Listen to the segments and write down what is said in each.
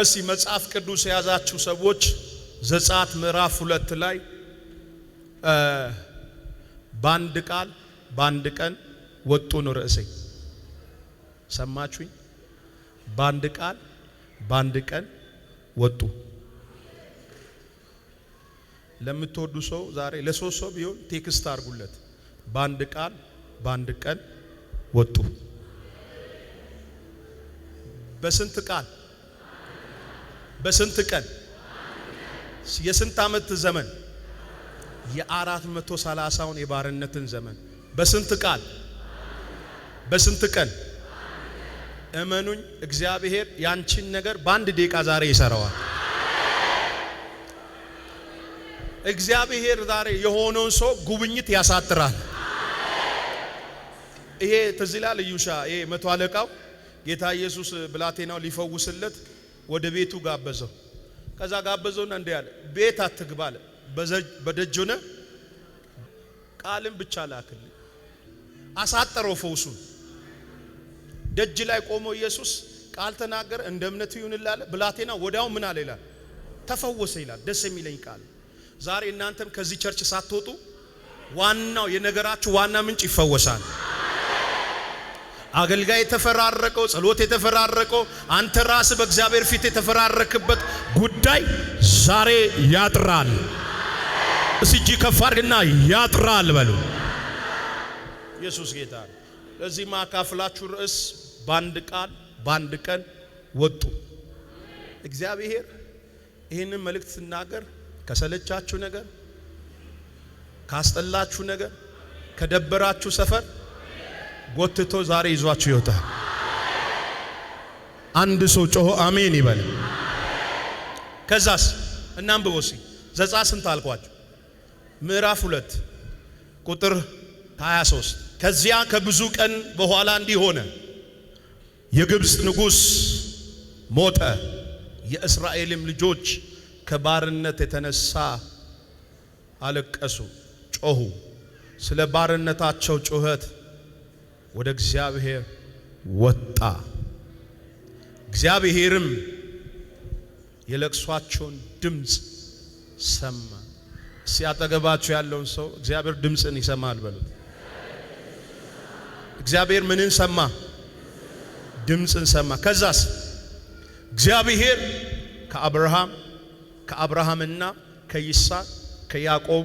እስቲ መጽሐፍ ቅዱስ የያዛችሁ ሰዎች ዘጸአት ምዕራፍ ሁለት ላይ በአንድ ቃል በአንድ ቀን ወጡን ርዕሴ ሰማችሁኝ። በአንድ ቃል በአንድ ቀን ወጡ። ለምትወዱ ሰው ዛሬ ለሶስት ሰው ቢሆን ቴክስት አድርጉለት። በአንድ ቃል በአንድ ቀን ወጡ። በስንት ቃል በስንት ቀን? የስንት ዓመት ዘመን? የአራት መቶ ሰላሳውን የባርነትን ዘመን በስንት ቃል በስንት ቀን? እመኑኝ እግዚአብሔር ያንቺን ነገር በአንድ ደቂቃ ዛሬ ይሰራዋል። እግዚአብሔር ዛሬ የሆነውን ሰው ጉብኝት ያሳጥራል። ይሄ ትዝ ይላል። እዩሻ ይሄ መቶ አለቃው ጌታ ኢየሱስ ብላቴናው ሊፈውስለት ወደ ቤቱ ጋበዘው። ከዛ ጋበዘውና እንዲህ አለ፣ ቤት አትግባ አለ፣ በደጅ ሆነ ቃልን ብቻ ላክልኝ። አሳጠረው ፈውሱን። ደጅ ላይ ቆሞ ኢየሱስ ቃል ተናገረ፣ እንደ እምነቱ ይሁንልህ። ብላቴና ወዲያው ምን አለ ይላል፣ ተፈወሰ ይላል። ደስ የሚለኝ ቃል ዛሬ እናንተም ከዚህ ቸርች ሳትወጡ ዋናው የነገራችሁ ዋና ምንጭ ይፈወሳል። አገልጋይ የተፈራረቀው ጸሎት የተፈራረቀው አንተ ራስ በእግዚአብሔር ፊት የተፈራረክበት ጉዳይ ዛሬ ያጥራል። እስጂ ከፍ አድርግና ያጥራል በሉ። ኢየሱስ ጌታ። ለዚህ ማካፍላችሁ ርዕስ በአንድ ቃል በአንድ ቀን ወጡ። እግዚአብሔር ይህንን መልእክት ስናገር ከሰለቻችሁ ነገር፣ ካስጠላችሁ ነገር፣ ከደበራችሁ ሰፈር ጎትቶ ዛሬ ይዟችሁ ይወጣል። አንድ ሰው ጮሆ አሜን ይበል። ከዛስ እናንብብ ሲ ዘጻ ስንት አልኳችሁ? ምዕራፍ ሁለት ቁጥር 23 ከዚያ ከብዙ ቀን በኋላ እንዲህ ሆነ፣ የግብፅ ንጉሥ ሞተ፣ የእስራኤልም ልጆች ከባርነት የተነሳ አለቀሱ፣ ጮሁ ስለ ባርነታቸው ጩኸት ወደ እግዚአብሔር ወጣ። እግዚአብሔርም የለቅሷቸውን ድምፅ ሰማ። ሲያጠገባቸው ያለውን ሰው እግዚአብሔር ድምፅን ይሰማል በሉት። እግዚአብሔር ምንን ሰማ? ድምፅን ሰማ። ከዛስ እግዚአብሔር ከአብርሃም ከአብርሃምና ከይስሐቅ ከያዕቆብ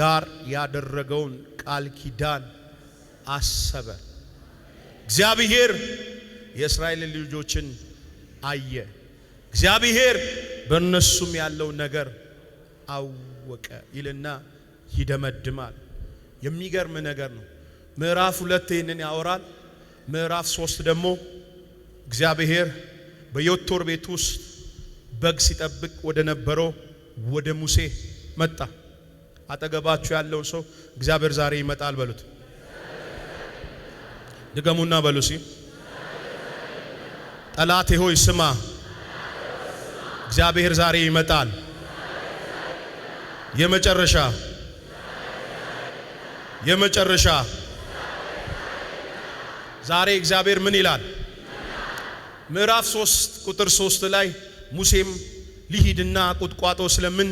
ጋር ያደረገውን ቃል ኪዳን አሰበ። እግዚአብሔር የእስራኤልን ልጆችን አየ። እግዚአብሔር በእነሱም ያለው ነገር አወቀ ይልና ይደመድማል። የሚገርም ነገር ነው። ምዕራፍ ሁለት ይህንን ያወራል። ምዕራፍ ሶስት ደግሞ እግዚአብሔር በዮቶር ቤት ውስጥ በግ ሲጠብቅ ወደ ነበረው ወደ ሙሴ መጣ። አጠገባችሁ ያለውን ሰው እግዚአብሔር ዛሬ ይመጣል በሉት። ድገሙና በሉ ሲ ጠላቴ ሆይ ስማ፣ እግዚአብሔር ዛሬ ይመጣል። የመጨረሻ የመጨረሻ ዛሬ እግዚአብሔር ምን ይላል? ምዕራፍ 3 ቁጥር 3 ላይ ሙሴም ሊሂድና ቁጥቋጦ ስለምን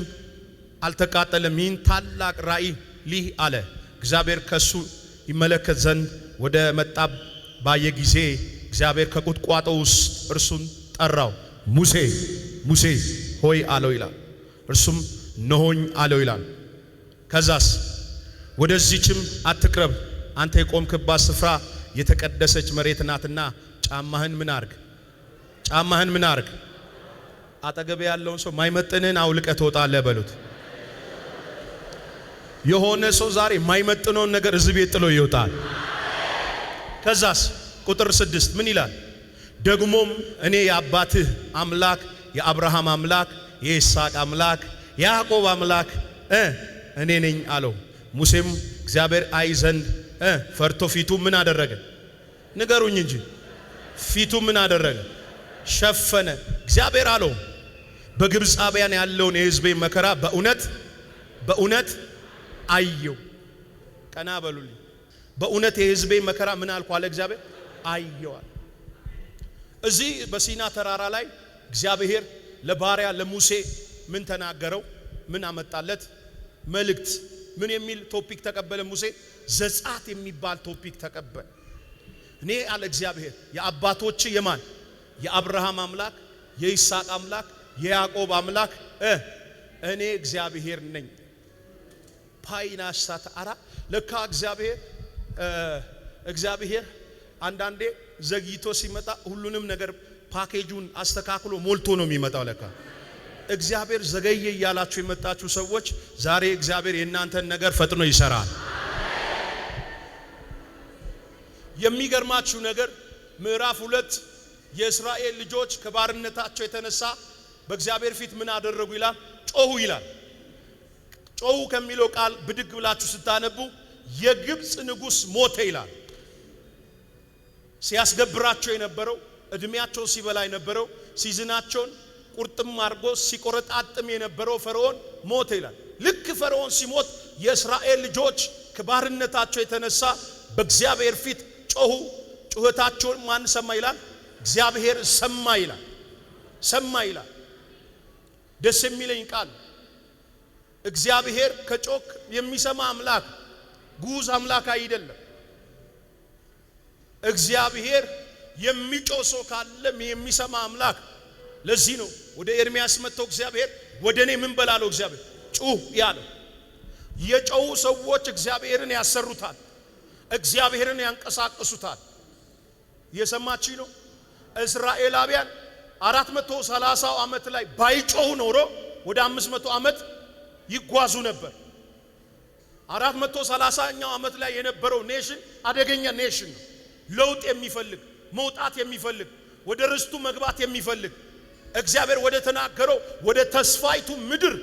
አልተቃጠለም? ይህን ታላቅ ራእይ ሊህ አለ እግዚአብሔር ከሱ ይመለከት ዘንድ ወደ መጣ ባየ ጊዜ እግዚአብሔር ከቁጥቋጦ ውስጥ እርሱን ጠራው። ሙሴ ሙሴ ሆይ አለው ይላል። እርሱም ነሆኝ አለው ይላል። ከዛስ ወደዚችም አትቅረብ፣ አንተ የቆምክባት ስፍራ የተቀደሰች መሬት ናትና ጫማህን ምን አርግ ጫማህን ምን አርግ አጠገብ ያለውን ሰው ማይመጥንን አውልቀ ትወጣለህ በሉት። የሆነ ሰው ዛሬ የማይመጥነውን ነገር እዚህ ቤት ጥሎ ይወጣል። ከዛስ ቁጥር ስድስት ምን ይላል? ደግሞም እኔ የአባትህ አምላክ የአብርሃም አምላክ የይስሐቅ አምላክ የያዕቆብ አምላክ እኔ ነኝ አለው። ሙሴም እግዚአብሔር አይ ዘንድ ፈርቶ ፊቱ ምን አደረገ? ንገሩኝ እንጂ ፊቱ ምን አደረገ? ሸፈነ። እግዚአብሔር አለው በግብፃውያን ያለውን የሕዝቤ መከራ በእውነት በእውነት አየው። ቀና በሉልኝ። በእውነት የህዝቤ መከራ ምን አልኩ አለ እግዚአብሔር አየዋል። እዚህ በሲና ተራራ ላይ እግዚአብሔር ለባሪያ ለሙሴ ምን ተናገረው? ምን አመጣለት? መልእክት ምን የሚል ቶፒክ ተቀበለ? ሙሴ ዘጻት የሚባል ቶፒክ ተቀበለ። እኔ አለ እግዚአብሔር የአባቶች የማን የአብርሃም አምላክ የይስሐቅ አምላክ የያዕቆብ አምላክ እ እኔ እግዚአብሔር ነኝ። ፓይናሳት አራ ለካ እግዚአብሔር እግዚአብሔር አንዳንዴ ዘግይቶ ሲመጣ ሁሉንም ነገር ፓኬጁን አስተካክሎ ሞልቶ ነው የሚመጣው። ለካ እግዚአብሔር ዘገየ እያላችሁ የመጣችሁ ሰዎች ዛሬ እግዚአብሔር የእናንተን ነገር ፈጥኖ ይሰራል። የሚገርማችሁ ነገር ምዕራፍ ሁለት የእስራኤል ልጆች ከባርነታቸው የተነሳ በእግዚአብሔር ፊት ምን አደረጉ ይላል? ጮሁ ይላል። ጮሁ ከሚለው ቃል ብድግ ብላችሁ ስታነቡ የግብፅ ንጉሥ ሞተ ይላል። ሲያስገብራቸው የነበረው እድሜያቸው ሲበላ የነበረው ሲዝናቸውን ቁርጥም አድርጎ ሲቆረጣጥም የነበረው ፈርዖን ሞተ ይላል። ልክ ፈርዖን ሲሞት የእስራኤል ልጆች ከባርነታቸው የተነሳ በእግዚአብሔር ፊት ጮሁ። ጩኸታቸውን ማን ሰማ ይላል? እግዚአብሔር ሰማ ይላል። ሰማ ይላል። ደስ የሚለኝ ቃል እግዚአብሔር ከጮክ የሚሰማ አምላክ ጉዝ አምላክ አይደለም። እግዚአብሔር የሚጮ ሰው ካለም የሚሰማ አምላክ። ለዚህ ነው ወደ ኤርሚያስ መጥተው እግዚአብሔር ወደ እኔ ምን በላለው እግዚአብሔር ጩህ ያለው። የጮሁ ሰዎች እግዚአብሔርን ያሰሩታል፣ እግዚአብሔርን ያንቀሳቅሱታል። እየሰማች ነው። እስራኤላውያን አራት መቶ ሰላሳው ዓመት ላይ ባይጮሁ ኖሮ ወደ አምስት መቶ ዓመት ይጓዙ ነበር። አራት መቶ ሰላሳኛው ዓመት ላይ የነበረው ኔሽን አደገኛ ኔሽን ነው። ለውጥ የሚፈልግ መውጣት የሚፈልግ ወደ ርስቱ መግባት የሚፈልግ እግዚአብሔር ወደ ተናገረው ወደ ተስፋይቱ ምድር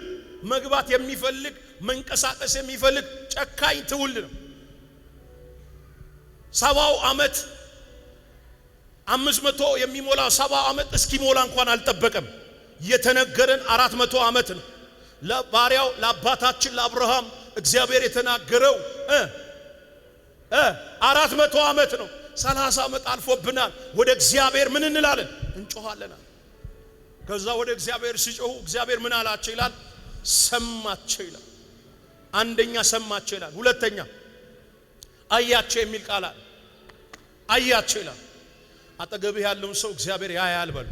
መግባት የሚፈልግ መንቀሳቀስ የሚፈልግ ጨካኝ ትውልድ ነው። ሰባው ዓመት አምስት መቶ የሚሞላው ሰባው ዓመት እስኪሞላ እንኳን አልጠበቀም። የተነገረን አራት መቶ ዓመት ነው። ለባሪያው ለአባታችን ለአብርሃም እግዚአብሔር የተናገረው አራት መቶ ዓመት ነው። ሰላሳ ዓመት አልፎብናል። ወደ እግዚአብሔር ምን እንላለን? እንጮኋለን። ከዛ ወደ እግዚአብሔር ሲጮሁ እግዚአብሔር ምን አላቸው ይላል? ሰማቸው ይላል። አንደኛ ሰማቸው ይላል። ሁለተኛ አያቸው የሚል ቃል አለ። አያቸው ይላል። አጠገብህ ያለውን ሰው እግዚአብሔር ያያል በሉ።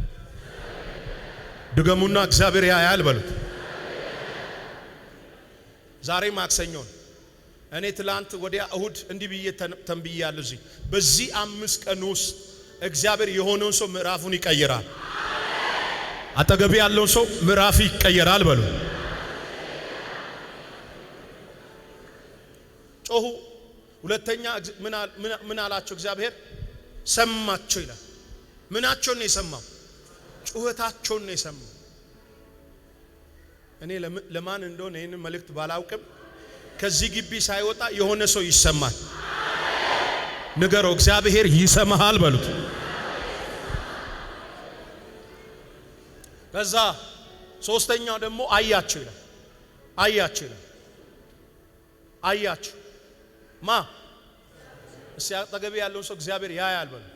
ድገሙና እግዚአብሔር ያያል በሉት። ዛሬ ማክሰኞን እኔ ትላንት ወዲያ እሁድ እንዲህ ብዬ ተንብያለሁ። እዚህ በዚህ አምስት ቀን ውስጥ እግዚአብሔር የሆነውን ሰው ምዕራፉን ይቀይራል። አጠገብ ያለውን ሰው ምዕራፍ ይቀየራል በሉ። ጮሁ። ሁለተኛ ምን አላቸው? እግዚአብሔር ሰማቸው ይላል። ምናቸውን ነው የሰማው? ጩኸታቸውን ነው የሰማው። እኔ ለማን እንደሆነ ይህንን መልእክት ባላውቅም ከዚህ ግቢ ሳይወጣ የሆነ ሰው ይሰማል። ንገረው፣ እግዚአብሔር ይሰማሃል በሉት። ከዛ ሶስተኛው ደግሞ አያችሁ ይላል። አያችሁ ይላል። አያችሁ ማ እስቲ አጠገቤ ያለውን ሰው እግዚአብሔር ያያል በሉ።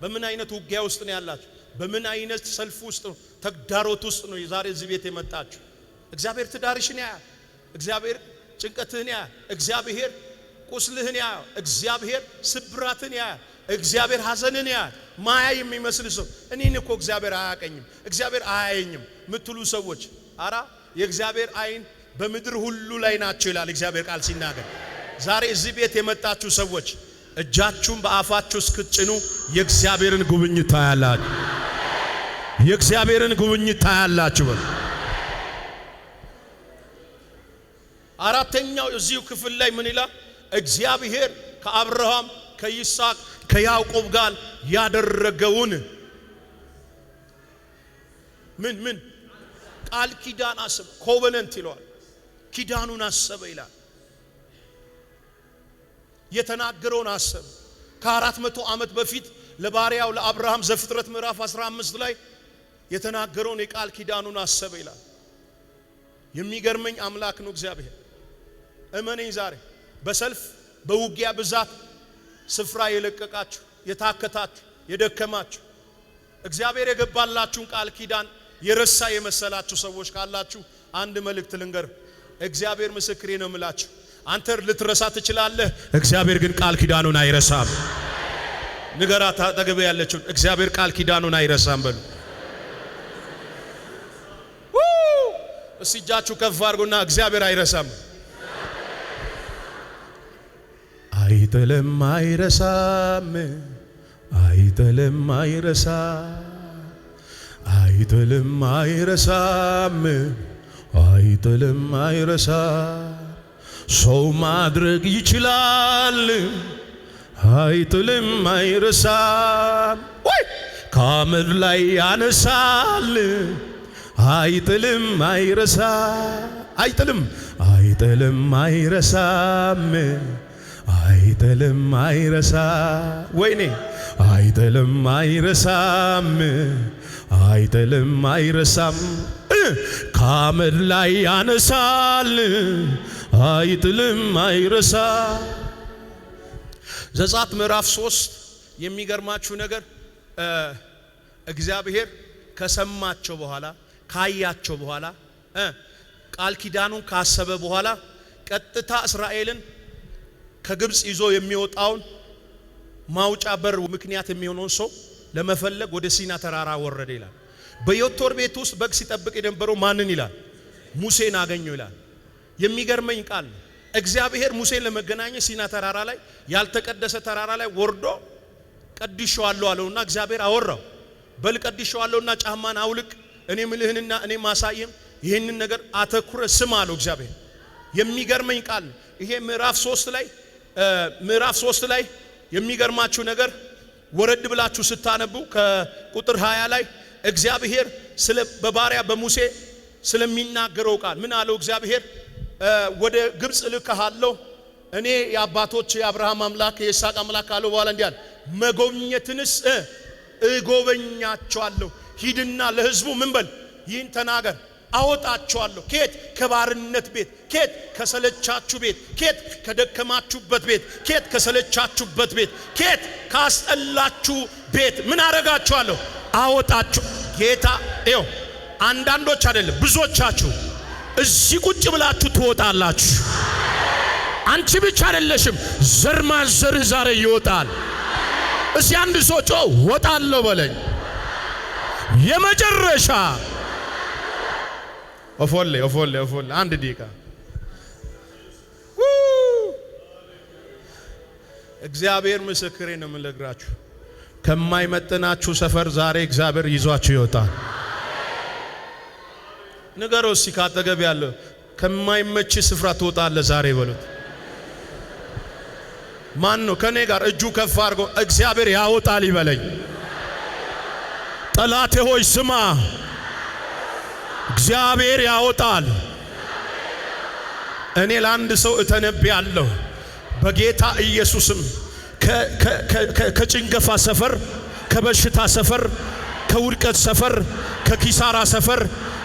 በምን አይነት ውጊያ ውስጥ ነው ያላችሁ? በምን አይነት ሰልፍ ውስጥ ነው፣ ተግዳሮት ውስጥ ነው የዛሬ እዚህ ቤት የመጣችሁ? እግዚአብሔር ትዳርሽን ያያል። እግዚአብሔር ጭንቀትህን ያያል። እግዚአብሔር ቁስልህን ያያል። እግዚአብሔር ስብራትን ያያል። እግዚአብሔር ሐዘንን ያ ማያ የሚመስል ሰው እኔን እኮ እግዚአብሔር አያቀኝም፣ እግዚአብሔር አያየኝም ምትሉ ሰዎች አራ የእግዚአብሔር አይን በምድር ሁሉ ላይ ናቸው ይላል እግዚአብሔር ቃል ሲናገር። ዛሬ እዚህ ቤት የመጣችሁ ሰዎች እጃችሁን በአፋችሁ እስክትጭኑ የእግዚአብሔርን ጉብኝት ታያላችሁ። የእግዚአብሔርን ጉብኝት ታያላችሁ። አራተኛው እዚሁ ክፍል ላይ ምን ይላል? እግዚአብሔር ከአብርሃም ከይስሐቅ ከያዕቆብ ጋር ያደረገውን ምን ምን ቃል ኪዳን አሰበ። ኮቨነንት ይለዋል። ኪዳኑን አሰበ ይላል። የተናገረውን አሰበ። ከአራት መቶ ዓመት በፊት ለባሪያው ለአብርሃም ዘፍጥረት ምዕራፍ 15 ላይ የተናገረውን የቃል ኪዳኑን አሰበ ይላል። የሚገርመኝ አምላክ ነው እግዚአብሔር። እመነኝ ዛሬ በሰልፍ በውጊያ ብዛት ስፍራ የለቀቃችሁ የታከታችሁ የደከማችሁ እግዚአብሔር የገባላችሁን ቃል ኪዳን የረሳ የመሰላችሁ ሰዎች ካላችሁ አንድ መልእክት ልንገር። እግዚአብሔር ምስክሬ ነው የምላችሁ። አንተ ልትረሳ ትችላለህ፣ እግዚአብሔር ግን ቃል ኪዳኑን አይረሳም። ንገራ አጠገብ ያለችው እግዚአብሔር ቃል ኪዳኑን አይረሳም በሉ። እስ እጃችሁ ከፍ አድርጉና እግዚአብሔር አይረሳም፣ አይጥልም፣ አይረሳም፣ አይጥልም፣ አይረሳ አይጥልም፣ አይረሳም፣ አይጥልም፣ አይረሳ ሰው ማድረግ ይችላል፣ አይጥልም፣ አይረሳም። ወይ ከአመድ ላይ ያነሳል አይጥልም አይረሳ አይጥልም አይጥልም አይረሳም አይጥልም አይረሳ ወይኔ አይጥልም አይረሳም አይጥልም አይረሳም ከአመድ ላይ ያነሳል አይጥልም አይረሳ ዘጸአት ምዕራፍ ሶስት የሚገርማችሁ ነገር እግዚአብሔር ከሰማቸው በኋላ ካያቸው በኋላ ቃል ኪዳኑን ካሰበ በኋላ ቀጥታ እስራኤልን ከግብፅ ይዞ የሚወጣውን ማውጫ በር ምክንያት የሚሆነውን ሰው ለመፈለግ ወደ ሲና ተራራ ወረደ ይላል። በዮቶር ቤት ውስጥ በግ ሲጠብቅ የነበረው ማንን ይላል? ሙሴን አገኘው ይላል። የሚገርመኝ ቃል ነው። እግዚአብሔር ሙሴን ለመገናኘት ሲና ተራራ ላይ ያልተቀደሰ ተራራ ላይ ወርዶ ቀድሸዋለሁ አለውና እግዚአብሔር አወራው። በል ቀድሸዋለሁና ጫማን አውልቅ እኔ ምልህንና እኔ ማሳየም ይህንን ነገር አተኩረ ስም አለው እግዚአብሔር። የሚገርመኝ ቃል ይሄ ምዕራፍ ሶስት ላይ ምዕራፍ ሶስት ላይ የሚገርማችሁ ነገር ወረድ ብላችሁ ስታነቡ ከቁጥር 20 ላይ እግዚአብሔር ስለ በባሪያ በሙሴ ስለሚናገረው ቃል ምን አለው እግዚአብሔር? ወደ ግብጽ ልከሃለሁ እኔ የአባቶች የአብርሃም አምላክ የይስሐቅ አምላክ አለው። በኋላ እንዲያል መጎብኘትንስ እጎበኛቸዋለሁ ሂድና ለህዝቡ ምን በል ይህን ተናገር አወጣችኋለሁ። ኬት ከባርነት ቤት፣ ኬት ከሰለቻችሁ ቤት፣ ኬት ከደከማችሁበት ቤት፣ ኬት ከሰለቻችሁበት ቤት፣ ኬት ካስጠላችሁ ቤት ምን አረጋችኋለሁ? አወጣችሁ። ጌታ ይኸው አንዳንዶች አይደለም ብዙዎቻችሁ እዚህ ቁጭ ብላችሁ ትወጣላችሁ። አንቺ ብቻ አይደለሽም፣ ዘር ማዘርህ ዛሬ ይወጣል። እዚህ አንድ ሰው ጮ ወጣለሁ በለኝ የመጨረሻ ኦፎሌ ኦፎሌ ኦፎሌ አንድ ደቂቃ እግዚአብሔር ምስክሬ ነው የምነግራችሁ። ከማይመጥናችሁ ሰፈር ዛሬ እግዚአብሔር ይዟችሁ ይወጣል። ንገሮ እስቲ ካጠገብ ያለው ከማይመች ስፍራ ትወጣለ ዛሬ በሉት። ማን ነው ከኔ ጋር እጁ ከፍ አድርጎ እግዚአብሔር ያወጣል ይበለኝ። ጠላቴ ሆይ ስማ፣ እግዚአብሔር ያወጣል። እኔ ለአንድ ሰው እተነብያለሁ በጌታ ኢየሱስም ከጭንገፋ ሰፈር፣ ከበሽታ ሰፈር፣ ከውድቀት ሰፈር፣ ከኪሳራ ሰፈር፣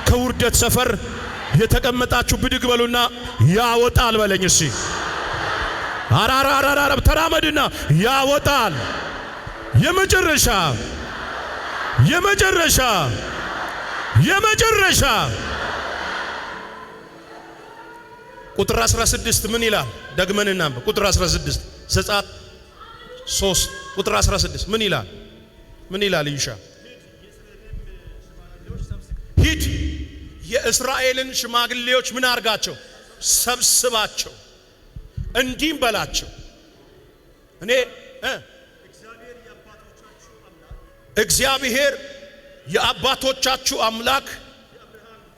ከውርደት ሰፈር የተቀመጣችሁ ብድግ በሉና ያወጣል በለኝ። እሺ አራራራራ ተራመድና ያወጣል የመጨረሻ የመጨረሻ የመጨረሻ ቁጥር 16 ምን ይላል? ደግመን እናንብብ። ቁጥር 16 ዘጸአት 3 ቁጥር 16 ምን ይላል? ምን ይላል? ይሻ ሂድ የእስራኤልን ሽማግሌዎች ምን አርጋቸው? ሰብስባቸው፣ እንዲህም በላቸው እኔ እግዚአብሔር የአባቶቻችሁ አምላክ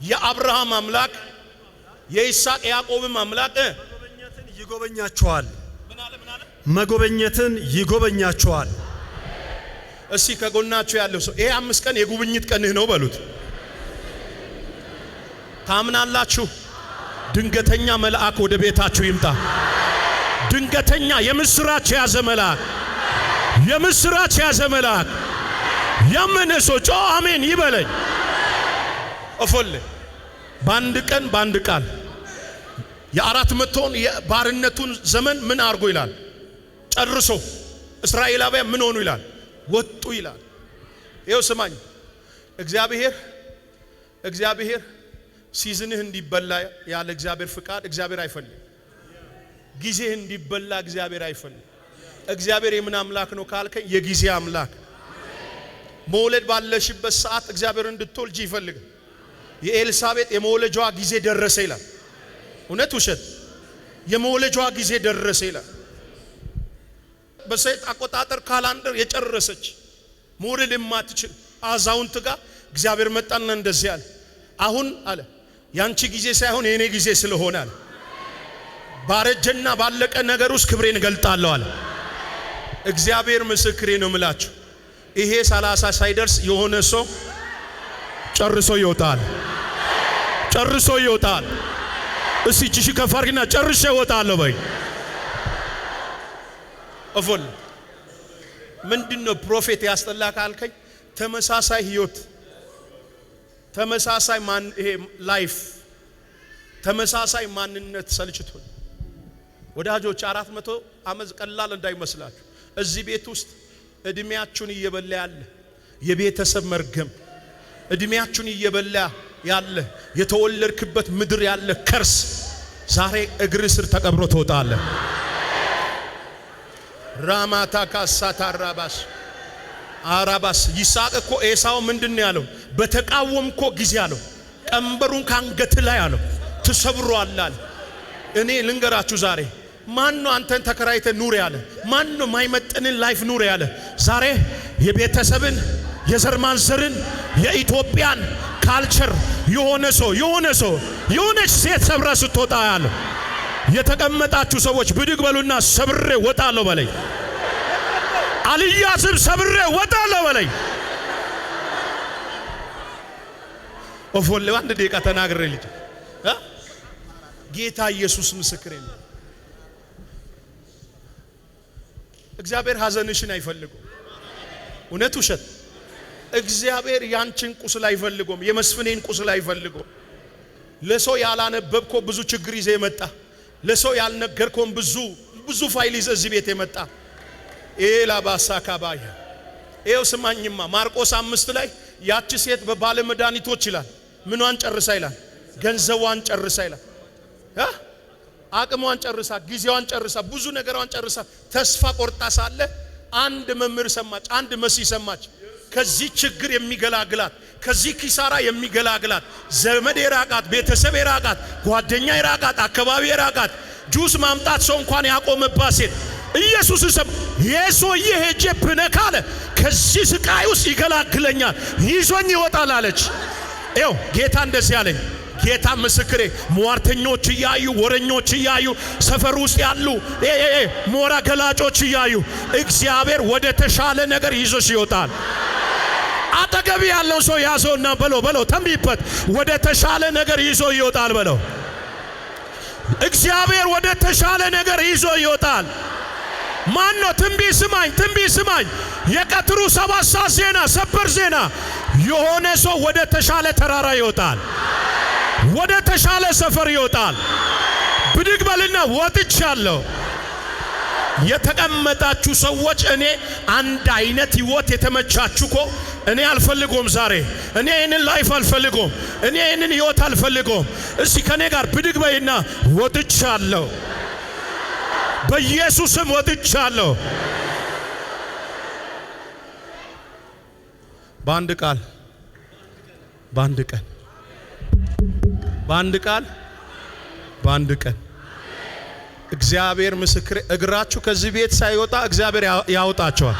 የአብርሃም አምላክ የይስሐቅ ያዕቆብም አምላክ ይጎበኛችኋል። መጎበኘትን ይጎበኛችኋል። እስቲ ከጎናችሁ ያለው ሰው ይሄ አምስት ቀን የጉብኝት ቀንህ ነው በሉት። ታምናላችሁ? ድንገተኛ መልአክ ወደ ቤታችሁ ይምጣ። ድንገተኛ የምስራች የያዘ መልአክ የምስራች የያዘ መልአክ ያመነ ሰው ጮ አሜን ይበለኝ። ኦፎል በአንድ ቀን በአንድ ቃል የአራት መቶውን የባርነቱን ዘመን ምን አድርጎ ይላል ጨርሶ እስራኤላውያን ምን ሆኑ ይላል ወጡ ይላል። ይኸው ስማኝ እግዚአብሔር እግዚአብሔር ሲዝንህ እንዲበላ ያለ እግዚአብሔር ፍቃድ እግዚአብሔር አይፈልግም። ጊዜህ እንዲበላ እግዚአብሔር አይፈልግ። እግዚአብሔር የምን አምላክ ነው ካልከኝ የጊዜ አምላክ መውለድ ባለሽበት ሰዓት እግዚአብሔር እንድትወልጅ ይፈልጋል። የኤልሳቤጥ የመውለጇ ጊዜ ደረሰ ይላል። እውነት ውሸት? የመውለጇ ጊዜ ደረሰ ይላል። በሴት አቆጣጠር ካላንደር የጨረሰች መውለድ የማትችል አዛውንት ጋር እግዚአብሔር መጣና እንደዚህ አለ፣ አሁን አለ ያንቺ ጊዜ ሳይሆን የእኔ ጊዜ ስለሆነ አለ ባረጀና ባለቀ ነገር ውስጥ ክብሬን እገልጣለሁ አለ። እግዚአብሔር ምስክሬ ነው ምላችሁ ይሄ ሰላሳ ሳይደርስ የሆነ ሰው ጨርሶ ይወጣል። ጨርሶ ይወጣል። እሺ እቺ ከፋርግና ጨርሼ እወጣለሁ በይ። እፎል ነው ፕሮፌት ያስጠላ ካልከኝ ተመሳሳይ ህይወት፣ ተመሳሳይ ማን ይሄ ላይፍ፣ ተመሳሳይ ማንነት ሰልችቶኝ ወዳጆች፣ አራት መቶ አመት ቀላል እንዳይመስላችሁ እዚህ ቤት ውስጥ እድሜያችሁን እየበላ ያለ የቤተሰብ መርገም፣ እድሜያችሁን እየበላ ያለ የተወለድክበት ምድር ያለ ከርስ ዛሬ እግር ስር ተቀብሮ ትወጣለ። ራማታ ካሳታ አራባስ አራባስ ይስሐቅ እኮ ኤሳው ምንድን ያለው በተቃወምኮ ጊዜ አለው ቀንበሩን ካንገት ላይ አለው ትሰብሮ አለ። እኔ ልንገራችሁ ዛሬ ማን ነው አንተን ተከራይተ ኑር ያለ? ማን ነው ማይመጥንን ላይፍ ኑር ያለ? ዛሬ የቤተሰብን የዘር ማንዘርን የኢትዮጵያን ካልቸር የሆነ ሰው የሆነ ሰው የሆነች ሴት ሰብራ ስትወጣ ያለ የተቀመጣችሁ ሰዎች ብድግ በሉና ሰብሬ ወጣለሁ በለኝ። አልያዝም ሰብሬ ወጣለሁ በለኝ። ኦፎሌ አንድ ደቂቃ ተናግሬ ልጅ ጌታ ኢየሱስ ምስክር ነው። እግዚአብሔር ሐዘንሽን አይፈልገውም። እውነት ውሸት? እግዚአብሔር ያንቺን ቁስል አይፈልጎም የመስፍኔን ቁስል አይፈልጎም። ለሰው ያላነበብኮ ብዙ ችግር ይዘ የመጣ ለሰው ያልነገርኮም ብዙ ብዙ ፋይል ይዘ እዚህ ቤት የመጣ ኤላ ካባየ ኤው ስማኝማ፣ ማርቆስ አምስት ላይ ያቺ ሴት በባለ መድኃኒቶች ይላል ምኗን ጨርሳ ይላል ገንዘቧን ጨርሳ ይላል አቅሟን ጨርሳ ጊዜዋን ጨርሳ ብዙ ነገሯን ጨርሳ ተስፋ ቆርጣ ሳለ አንድ መምህር ሰማች፣ አንድ መሲህ ሰማች። ከዚህ ችግር የሚገላግላት ከዚህ ኪሳራ የሚገላግላት ዘመድ የራቃት፣ ቤተሰብ የራቃት፣ ጓደኛ የራቃት፣ አካባቢ የራቃት ጁስ ማምጣት ሰው እንኳን ያቆመባት ሴት ኢየሱስ ሰም የሰውዬ ሄጄ ብነካ አለ ከዚህ ስቃይ ውስጥ ይገላግለኛል፣ ይዞኝ ይወጣል አለች። ይኸው ጌታ እንደዚህ አለኝ። ጌታ ምስክሬ፣ ሟርተኞች እያዩ ወረኞች እያዩ ሰፈር ውስጥ ያሉ ሞራ ገላጮች እያዩ እግዚአብሔር ወደ ተሻለ ነገር ይዞሽ ይወጣል። አጠገብ ያለው ሰው ያዘውና በሎ በሎ ተንቢበት፣ ወደ ተሻለ ነገር ይዞ ይወጣል በለው። እግዚአብሔር ወደ ተሻለ ነገር ይዞ ይወጣል። ማን ነው? ትንቢ ስማኝ፣ ትንቢ ስማኝ። የቀትሩ ሰባት ሰዓት ዜና፣ ሰበር ዜና። የሆነ ሰው ወደ ተሻለ ተራራ ይወጣል። ወደ ተሻለ ሰፈር ይወጣል። ብድግ በልና ወጥቻለሁ። የተቀመጣችሁ ሰዎች እኔ አንድ አይነት ህይወት የተመቻችሁ እኮ እኔ አልፈልጎም። ዛሬ እኔ ይህንን ላይፍ አልፈልጎም። እኔ ይህንን ህይወት አልፈልጎም። እስቲ ከእኔ ጋር ብድግ በይና ወጥቻለሁ። በኢየሱስም ወጥቻለሁ። በአንድ ቃል በአንድ ቀን በአንድ ቃል በአንድ ቀን እግዚአብሔር ምስክር እግራችሁ ከዚህ ቤት ሳይወጣ እግዚአብሔር ያወጣቸዋል።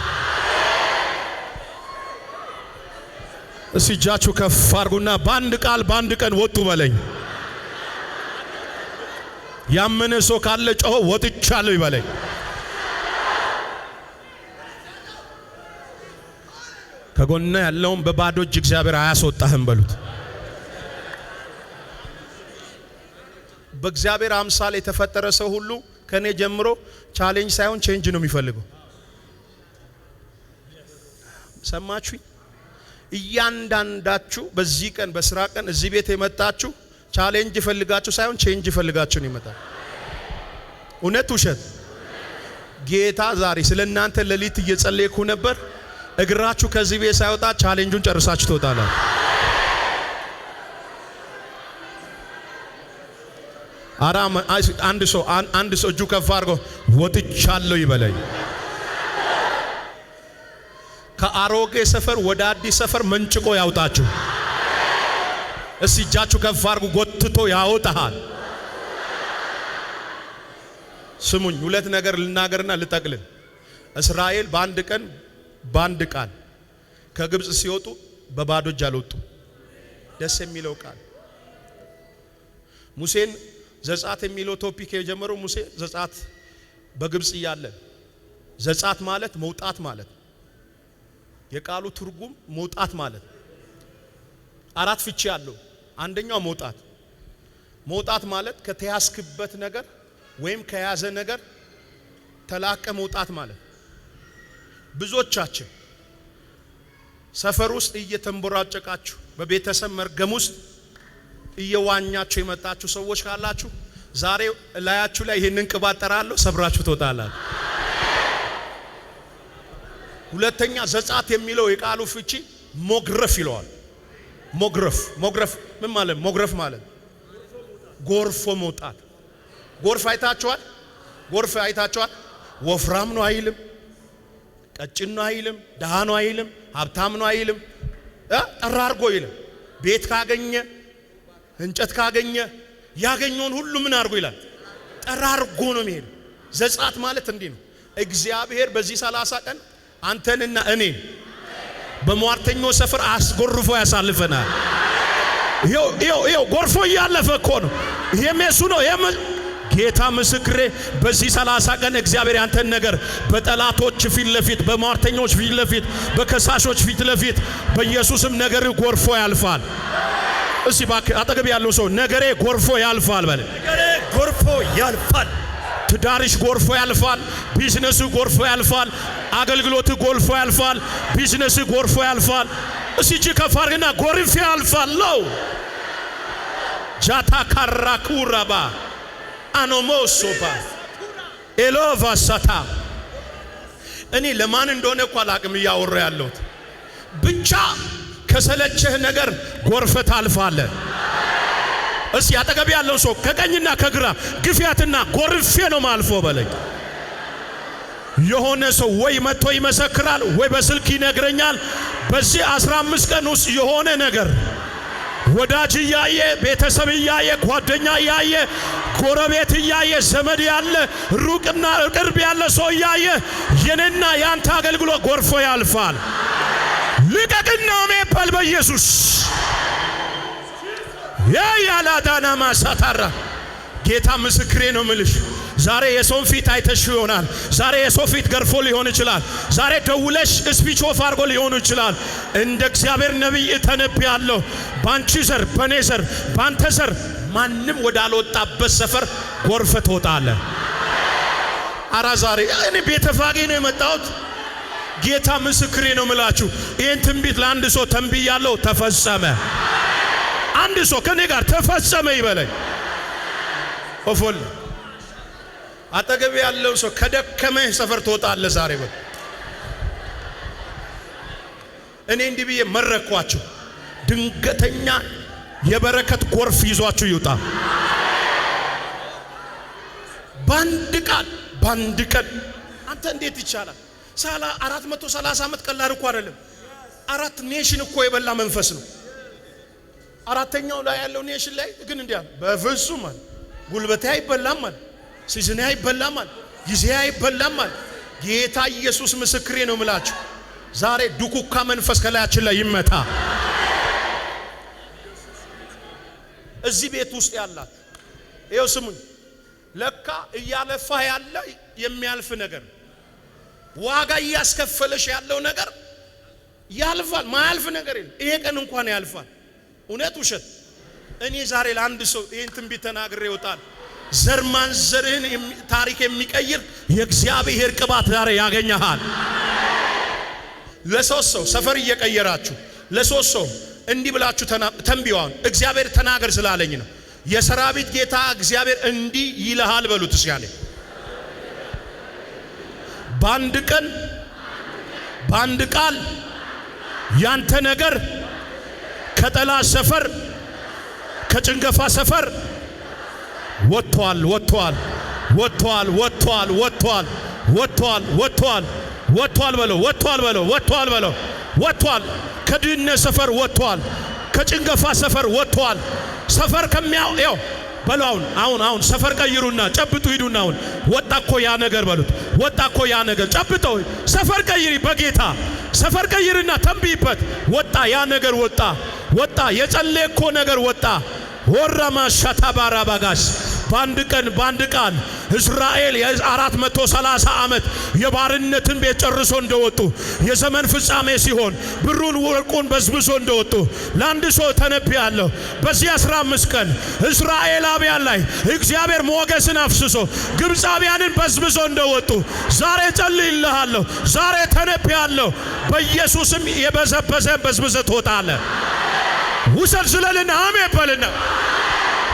እስቲ እጃችሁ ከፍ አድርጉና በአንድ ቃል በአንድ ቀን ወጡ በለኝ። ያመነ ሰው ካለ ጮሆ ወጥቻለሁ ይበለኝ። ከጎና ያለውም በባዶ እጅ እግዚአብሔር አያስወጣህም በሉት። በእግዚአብሔር አምሳል የተፈጠረ ሰው ሁሉ ከኔ ጀምሮ ቻሌንጅ ሳይሆን ቼንጅ ነው የሚፈልገው። ሰማችሁ? እያንዳንዳችሁ በዚህ ቀን በስራ ቀን እዚህ ቤት የመጣችሁ ቻሌንጅ ይፈልጋችሁ ሳይሆን ቼንጅ ይፈልጋችሁ ነው ይመጣል። እውነት ውሸት? ጌታ ዛሬ ስለ እናንተ ሌሊት እየጸለይኩ ነበር። እግራችሁ ከዚህ ቤት ሳይወጣ ቻሌንጁን ጨርሳችሁ ትወጣላችሁ። አራም አንድ ሰው አንድ ሰው እጁ ከፍ አድርጎ ወጥቻለሁ ይበለኝ። ከአሮጌ ሰፈር ወደ አዲስ ሰፈር መንጭቆ ያውጣችሁ። እስቲ እጃችሁ ከፍ አድርጉ። ጎትቶ ያወጣሃል። ስሙኝ፣ ሁለት ነገር ልናገርና ልጠቅልን። እስራኤል በአንድ ቀን በአንድ ቃል ከግብፅ ሲወጡ በባዶ እጅ አልወጡ። ደስ የሚለው ቃል ሙሴን ዘጻት የሚለው ቶፒክ የጀመረው ሙሴ ዘጻት በግብጽ እያለ ዘጻት ማለት መውጣት ማለት የቃሉ ትርጉም መውጣት ማለት አራት ፍቺ አለው አንደኛው መውጣት መውጣት ማለት ከተያዝክበት ነገር ወይም ከያዘ ነገር ተላቀ መውጣት ማለት ብዙዎቻችን ሰፈር ውስጥ እየተንቦራጨቃችሁ በቤተሰብ መርገም ውስጥ እየዋኛችሁ የመጣችሁ ሰዎች ካላችሁ ዛሬ ላያችሁ ላይ ይህንን ቅባት ጠራለሁ፣ ሰብራችሁ ትወጣላችሁ። ሁለተኛ ዘጻት የሚለው የቃሉ ፍቺ ሞግረፍ ይለዋል። ሞግረፍ ሞግረፍ ምን ማለት? ሞግረፍ ማለት ጎርፎ መውጣት። ጎርፍ አይታችኋል? ጎርፍ አይታችኋል? ወፍራም ነው አይልም፣ ቀጭን ነው አይልም፣ ደሃ ነው አይልም፣ ሀብታም ነው አይልም፣ ጠራርጎ ይልም ቤት ካገኘ እንጨት ካገኘ ያገኘውን ሁሉ ምን አድርጎ ይላል? ጠራርጎ ነው የሚሄድ። ዘጻት ማለት እንዲህ ነው። እግዚአብሔር በዚህ ሰላሳ ቀን አንተንና እኔን በሟርተኞች ሰፈር አስጎርፎ ያሳልፈናል። ይኸው ጎርፎ እያለፈ እኮ ነው። ይሄም የሱ ነው። ጌታ ምስክሬ፣ በዚህ ሰላሳ ቀን እግዚአብሔር ያንተን ነገር በጠላቶች ፊት ለፊት፣ በሟርተኞች ፊት ለፊት፣ በከሳሾች ፊት ለፊት በኢየሱስም ነገር ጎርፎ ያልፋል። እሺ እባክህ አጠገብ ያለው ሰው ነገሬ ጎርፎ ያልፋል በል። ነገሬ ጎርፎ ያልፋል። ትዳርሽ ጎርፎ ያልፋል። ቢዝነሱ ጎርፎ ያልፋል። አገልግሎት ጎርፎ ያልፋል። ቢዝነሱ ጎርፎ ያልፋል። እሺ እጅ ከፍ አድርግና ጎርፍ ያልፋለው ጃታ ካራኩራባ አኖሞሶባ ኤሎቫ እኔ ለማን እንደሆነ እኮ አላቅም እያወራ ያለሁት ብቻ ከሰለቸህ ነገር ጎርፈ ታልፋለ። እስ አጠገብ ያለው ሰው ከቀኝና ከግራ ግፊያትና ጎርፌ ነው ማልፎ በለኝ። የሆነ ሰው ወይ መጥቶ ይመሰክራል፣ ወይ በስልክ ይነግረኛል። በዚህ አስራ አምስት ቀን ውስጥ የሆነ ነገር ወዳጅ እያየ ቤተሰብ እያየ ጓደኛ እያየ ጎረቤት እያየ ዘመድ ያለ ሩቅና ቅርብ ያለ ሰው እያየ የኔና የአንተ አገልግሎት ጎርፎ ያልፋል። ነው የሚባል በኢየሱስ ያላዳና ማሳታራ ጌታ ምስክሬ ነው ምልሽ። ዛሬ የሰውን ፊት አይተሽ ይሆናል። ዛሬ የሰው ፊት ገርፎ ሊሆን ይችላል። ዛሬ ደውለሽ ስፒች ኦፍ አድርጎ ሊሆን ይችላል። እንደ እግዚአብሔር ነቢይ እተነብያለሁ። ባንቺ ዘር፣ በኔ ዘር፣ ባንተ ዘር ማንም ወዳልወጣበት ሰፈር ጎርፈ ትወጣለህ። አራ ዛሬ እኔ ቤተፋጌ ነው የመጣሁት ጌታ ምስክሬ ነው ምላችሁ። ይህን ትንቢት ለአንድ ሰው ተንብያለሁ፣ ተፈጸመ። አንድ ሰው ከኔ ጋር ተፈጸመ ይበለኝ። ኦፎል አጠገብ ያለው ሰው ከደከመህ ሰፈር ትወጣለህ ዛሬ በል። እኔ እንዲህ ብዬ መረኳችሁ። ድንገተኛ የበረከት ጎርፍ ይዟችሁ ይውጣ። ባንድ ቃል ባንድ ቀን አንተ እንዴት ይቻላል? አራት መቶ ሰላሳ ዓመት ቀላል እኮ አይደለም። አራት ኔሽን እኮ የበላ መንፈስ ነው። አራተኛው ላይ ያለው ኔሽን ላይ ግን እንዲያ በፍጹም ማለት ጉልበቴ አይበላም ማለት ሲዝኔ አይበላም ማለት ጊዜ አይበላም ማለት ጌታ ኢየሱስ ምስክሬ ነው የምላችሁ። ዛሬ ዱኩካ መንፈስ ከላያችን ላይ ይመታ። እዚህ ቤት ውስጥ ያላት ይኸው ስሙኝ። ለካ እያለፋ ያለ የሚያልፍ ነገር ዋጋ እያስከፈለሽ ያለው ነገር ያልፋል። ማያልፍ ነገር የለም። ይሄ ቀን እንኳን ያልፋል። እውነት ውሸት? እኔ ዛሬ ለአንድ ሰው ይህን ትንቢት ተናግሬ ይወጣል። ዘር ማንዘርህን ታሪክ የሚቀይር የእግዚአብሔር ቅባት ዛሬ ያገኘሃል። ለሶስት ሰው ሰፈር እየቀየራችሁ ለሶስት ሰው እንዲህ ብላችሁ ተንቢዋን እግዚአብሔር ተናገር ስላለኝ ነው። የሰራዊት ጌታ እግዚአብሔር እንዲህ ይልሃል በሉት እስያለኝ በአንድ ቀን በአንድ ቃል ያንተ ነገር ከጠላ ሰፈር ከጭንገፋ ሰፈር ወጥቷል፣ ወጥቷል፣ ወጥቷል፣ ወጥቷል፣ ወጥቷል፣ ወጥቷል፣ ወጥቷል፣ ወጥቷል በለው፣ ወጥቷል በለው፣ ወጥቷል በለው፣ ወጥቷል። ከድህነት ሰፈር ወጥቷል፣ ከጭንገፋ ሰፈር ወጥቷል። ሰፈር ከሚያው በሉ አሁን አሁን አሁን ሰፈር ቀይሩና ጨብጡ ሂዱና፣ አሁን ወጣ እኮ ያ ነገር በሉት፣ ወጣ እኮ ያ ነገር ጨብጦ ሰፈር ቀይሪ፣ በጌታ ሰፈር ቀይርና ተንብይበት። ወጣ ያ ነገር ወጣ፣ ወጣ የጸለየ እኮ ነገር ወጣ። ወራማ ሻታባራ ባጋስ በአንድ ቀን በአንድ ቃል እስራኤል የአራት መቶ ሰላሳ ዓመት የባርነትን ቤት ጨርሶ እንደወጡ የዘመን ፍጻሜ ሲሆን ብሩን ወርቁን በዝብዞ እንደወጡ ለአንድ ሰው ተነብያለሁ። በዚህ አስራ አምስት ቀን እስራኤላውያን ላይ እግዚአብሔር ሞገስን አፍስሶ ግብፃውያንን በዝብዞ እንደወጡ ዛሬ ጸልይልሃለሁ፣ ዛሬ ተነብያለሁ። በኢየሱስም የበዘበዘ በዝብዘ ትወጣለ ውሰድ ስለልን አሜ በልና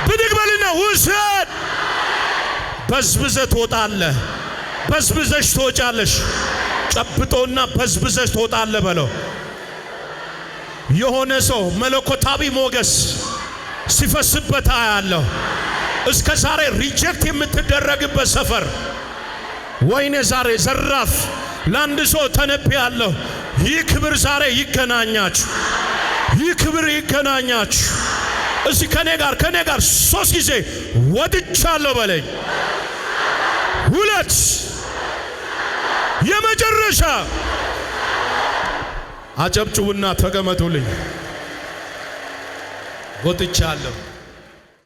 ብድግ በልና ውሰድ። በዝብዘ ትወጣለህ፣ በዝብዘሽ ትወጫለሽ። ጨብጦና በዝብዘሽ ትወጣለህ በለው። የሆነ ሰው መለኮታዊ ሞገስ ሲፈስበት አያለሁ። እስከ ዛሬ ሪጀክት የምትደረግበት ሰፈር ወይኔ ዛሬ ዘራፍ ለአንድ ሰው ተነብያለሁ። ይህ ክብር ዛሬ ይገናኛችሁ፣ ይህ ክብር ይገናኛችሁ። እዚህ ከኔ ጋር ከኔ ጋር ሶስት ጊዜ ወድቻለሁ በለኝ። ሁለት የመጨረሻ አጨብጭቡና ተቀመጡልኝ። ወጥቻለሁ።